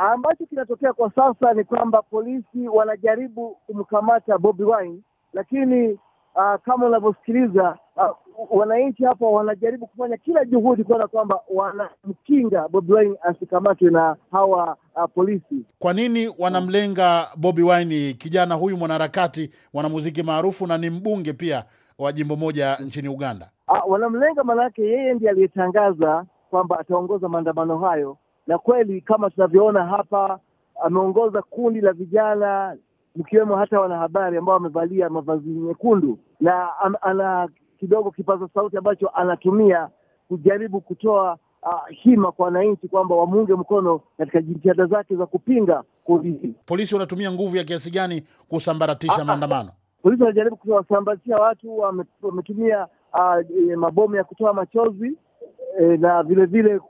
Ambacho kinatokea kwa sasa ni kwamba polisi wanajaribu kumkamata Bobi Wine, lakini uh, kama unavyosikiliza uh, wananchi hapa wanajaribu kufanya kila juhudi kuona kwamba wanamkinga Bobi Wine asikamatwe na hawa uh, polisi. Kwa nini wanamlenga Bobi Wine? Kijana huyu mwanaharakati, mwanamuziki maarufu na ni mbunge pia wa jimbo moja nchini Uganda. Uh, wanamlenga maanake yeye ndiye aliyetangaza kwamba ataongoza maandamano hayo na kweli kama tunavyoona hapa, ameongoza kundi la vijana mkiwemo hata wanahabari ambao wamevalia mavazi nyekundu, na ana kidogo kipaza sauti ambacho anatumia kujaribu kutoa Uh, hima kwa wananchi kwamba wamuunge mkono katika jitihada zake za kupinga kundi hili. Polisi wanatumia nguvu ya kiasi gani kusambaratisha ah, ah, maandamano? Polisi wanajaribu kuwasambaratisha watu, wametumia uh, mabomu ya kutoa machozi eh, na vilevile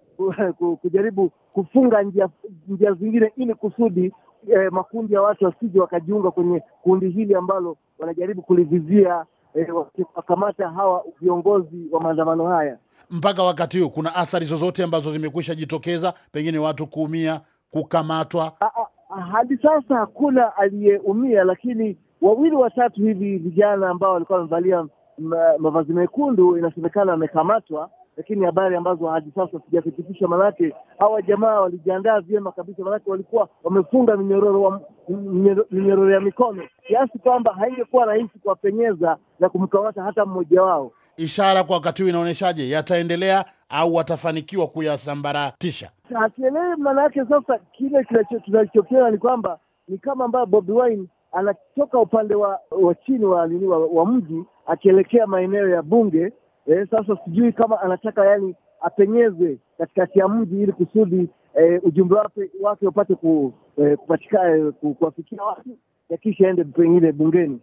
kujaribu kufunga njia, njia zingine ili kusudi eh, makundi ya watu wasije wakajiunga kwenye kundi hili ambalo wanajaribu kulivizia eh, wakiwakamata hawa viongozi wa maandamano haya. Mpaka wakati huu kuna athari zozote ambazo zimekwisha jitokeza, pengine watu kuumia, kukamatwa? Hadi sasa hakuna aliyeumia, lakini wawili watatu hivi vijana ambao walikuwa wamevalia mm, mavazi mekundu inasemekana wamekamatwa lakini habari ambazo hadi sasa sijathibitisha, manake hawa jamaa walijiandaa vyema kabisa, manake walikuwa wamefunga minyororo minyororo ya mikono kiasi kwamba haingekuwa rahisi kuwapenyeza na kumkamata hata mmoja wao. Ishara kwa wakati huu inaonyeshaje? Yataendelea au watafanikiwa kuyasambaratisha? Hatuelewi, manake sasa kile tunachokiona ni kwamba ni kama ambayo Bobi Wine anatoka upande wa, wa chini wa, wa, wa mji akielekea maeneo ya bunge E, sasa sijui kama anataka yani apenyeze katikati ya mji ili kusudi e, ujumbe wake upate ku, e, eh, kupatikana kuwafikia watu na kisha aende pengine bungeni.